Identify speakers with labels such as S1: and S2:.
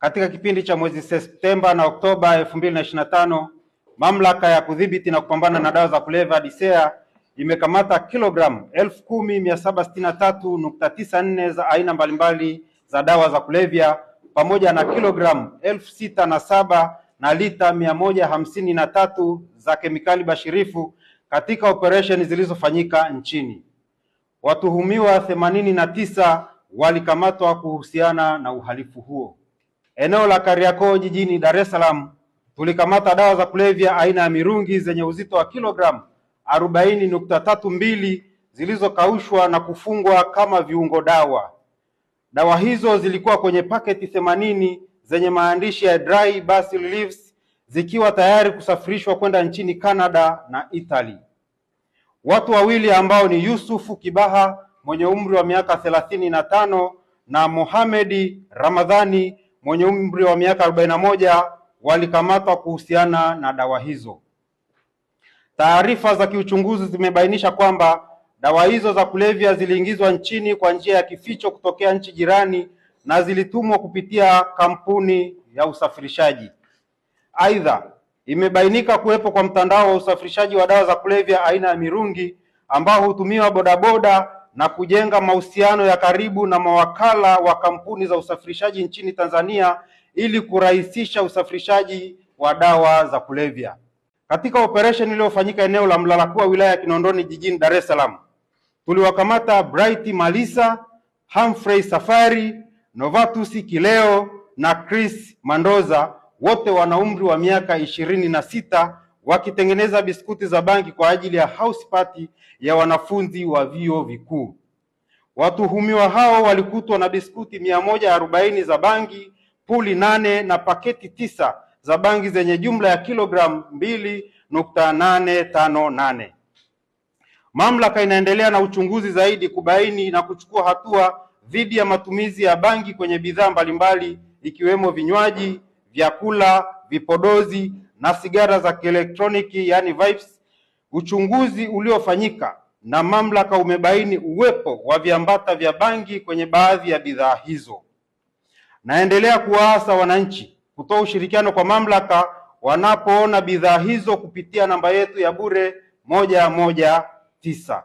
S1: katika kipindi cha mwezi Septemba na Oktoba 2025, mamlaka ya kudhibiti na kupambana na dawa za kulevya DCEA imekamata kilogramu 10763.94 za aina mbalimbali za dawa za kulevya pamoja na kilogramu 6,007 na saba na lita mia moja tatu za kemikali bashirifu katika operesheni zilizofanyika nchini. Watuhumiwa 89 na tisa walikamatwa kuhusiana na uhalifu huo eneo la Kariakoo jijini Dar es Salaam tulikamata dawa za kulevya aina ya mirungi zenye uzito wa kilogramu arobaini nukta tatu mbili zilizokaushwa na kufungwa kama viungo dawa. Dawa hizo zilikuwa kwenye paketi themanini zenye maandishi ya dry basil leaves zikiwa tayari kusafirishwa kwenda nchini Canada na Italy. Watu wawili ambao ni Yusufu Kibaha mwenye umri wa miaka thelathini na tano na Mohamedi Ramadhani mwenye umri wa miaka 41 walikamatwa kuhusiana na dawa hizo. Taarifa za kiuchunguzi zimebainisha kwamba dawa hizo za kulevya ziliingizwa nchini kwa njia ya kificho kutokea nchi jirani na zilitumwa kupitia kampuni ya usafirishaji. Aidha, imebainika kuwepo kwa mtandao wa usafirishaji wa dawa za kulevya aina ya mirungi ambao hutumiwa bodaboda na kujenga mahusiano ya karibu na mawakala wa kampuni za usafirishaji nchini Tanzania ili kurahisisha usafirishaji wa dawa za kulevya. Katika operesheni iliyofanyika eneo la Mlalakuwa wilaya ya Kinondoni jijini Dar es Salaam, tuliwakamata Bright Malisa, Humphrey Safari, Novatus Kileo na Chris Mandoza, wote wana umri wa miaka ishirini na sita wakitengeneza biskuti za bangi kwa ajili ya house party ya wanafunzi wa vyuo vikuu. Watuhumiwa hao walikutwa na biskuti mia moja arobaini za bangi, puli nane na paketi tisa za bangi zenye jumla ya kilogramu mbili nukta nane tano nane. Mamlaka inaendelea na uchunguzi zaidi kubaini na kuchukua hatua dhidi ya matumizi ya bangi kwenye bidhaa mbalimbali ikiwemo vinywaji, vyakula vipodozi na sigara za kielektroniki yani vapes. Uchunguzi uliofanyika na mamlaka umebaini uwepo wa viambata vya bangi kwenye baadhi ya bidhaa hizo. Naendelea kuwaasa wananchi kutoa ushirikiano kwa mamlaka wanapoona bidhaa hizo kupitia namba yetu ya bure moja moja tisa.